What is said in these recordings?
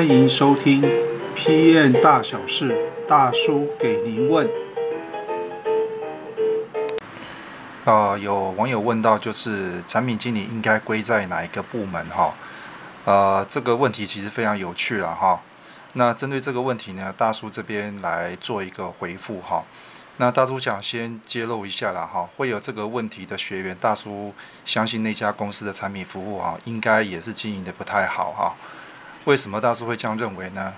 歡迎收聽《PM 大小事》，大叔給您問。啊、呃，有網友問到，就是產品經理應該歸在哪一個部門？哈、哦，呃，這個問題其實非常有趣了哈、哦。那針對這個問題呢，大叔這邊來做一個回復哈、哦。那大叔想先揭露一下了哈、哦，會有這個問題的學員，大叔相信那家公司的產品服務啊、哦，應該也是經營得不太好哈。哦為什麼大叔會這樣認為呢？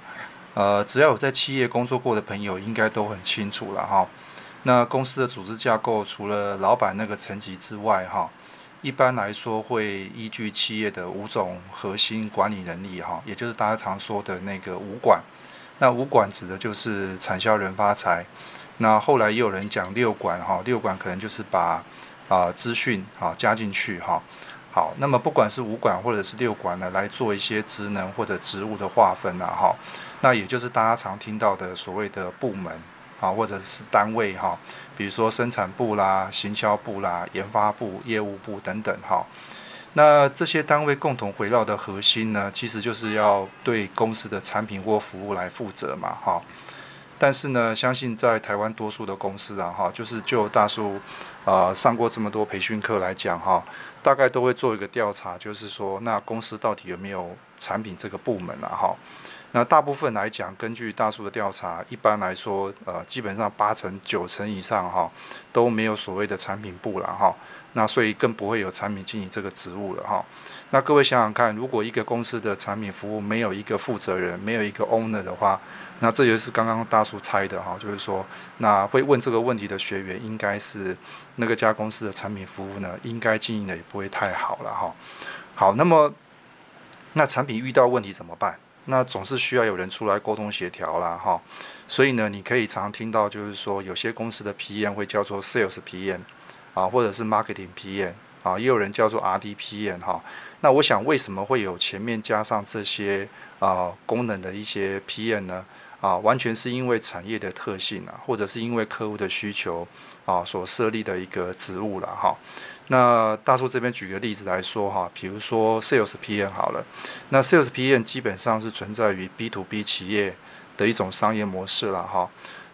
呃，只要有在企業工作過的朋友，應該都很清楚了哈。那公司的組織架構，除了老闆那個層級之外哈，一般來說會依據企業的五種核心管理能力哈，也就是大家常說的那個五管。那五管指的就是產銷人發財。那後來也有人講六管哈，六管可能就是把啊、呃、資訊啊加進去哈。好，那麼不管是五管或者是六管呢，來做一些職能或者職務的劃分吶、啊，哈、哦，那也就是大家常聽到的所謂的部門啊、哦，或者是單位哈、哦，比如說生產部啦、行銷部啦、研發部、業務部等等哈、哦，那這些單位共同圍繞的核心呢，其實就是要對公司的產品或服務來負責嘛，哈、哦。但是呢，相信在台灣多數的公司啊，哈、哦，就是就大叔，呃，上過這麼多培訓課來講哈。哦大概都會做一個調查，就是說，那公司到底有沒有產品這個部門啊？哈，那大部分來講，根據大叔的調查，一般來說，呃，基本上八成九成以上哈都沒有所謂的產品部了哈。那所以更不會有產品經理這個職務了哈。那各位想想看，如果一個公司的產品服務沒有一個負責人，沒有一個 owner 的話，那這就是剛剛大叔猜的哈，就是說，那會問這個問題的學員應該是那個家公司的產品服務呢應該經營的。不會太好了哈，好，那麼那產品遇到問題怎麼辦？那總是需要有人出來溝通協調啦。哈。所以呢，你可以常聽到就是說，有些公司的 PM 會叫做 Sales PM 啊，或者是 Marketing PM 啊，也有人叫做 RD PM 哈、啊。那我想，為什麼會有前面加上這些啊、呃、功能的一些 PM 呢？啊，完全是因為產業的特性啊，或者是因為客戶的需求啊，所設立的一個職務了哈、啊。那大叔這邊舉個例子來說哈、啊，比如說 Sales PM 好了，那 Sales PM 基本上是存在於 B to B 企業的一種商業模式了哈、啊。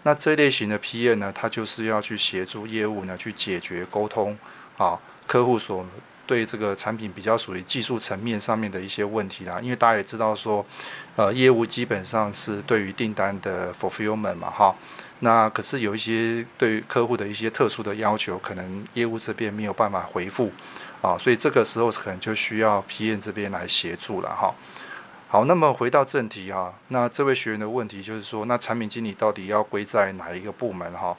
那這類型的 PM 呢，它就是要去協助業務呢去解決溝通啊，客戶所。對這個產品比較屬於技術層面上面的一些問題啦，因為大家也知道說，呃，業務基本上是對於訂單的 fulfillment 嘛，哈，那可是有一些對客戶的一些特殊的要求，可能業務這邊沒有辦法回復，啊，所以這個時候可能就需要 PM 這邊來協助了哈。好，那麼回到正題啊，那這位學員的問題就是說，那產品經理到底要歸在哪一個部門哈？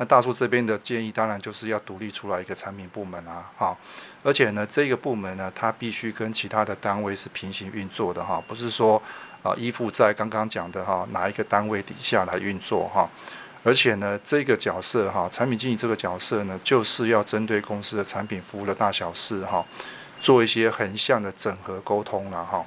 那大叔這邊的建議，當然就是要獨立出來一個產品部門啊，哈、啊，而且呢，這個部門呢，它必須跟其他的單位是平行運作的哈、啊，不是說啊依附在剛剛講的哈、啊、哪一個單位底下來運作哈、啊，而且呢，這個角色哈、啊，產品經理這個角色呢，就是要針對公司的產品服務的大小事哈、啊，做一些橫向的整合溝通了哈、啊啊。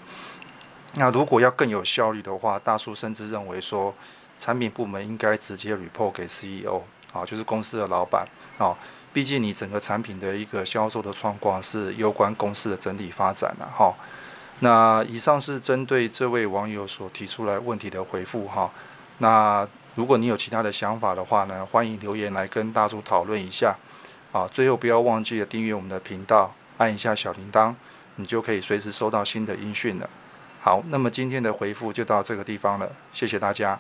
那如果要更有效率的話，大叔甚至認為說，產品部門應該直接 report 給 CEO。啊，就是公司的老闆啊、哦，畢竟你整個產品的一個銷售的狀況是攸關公司的整體發展吶、啊、哈、哦。那以上是針對這位網友所提出來問題的回復哈、哦。那如果你有其他的想法的話呢，歡迎留言來跟大叔討論一下啊、哦。最後不要忘記了訂閱我們的頻道，按一下小鈴鐺，你就可以隨時收到新的音訊了。好，那麼今天的回復就到這個地方了，謝謝大家。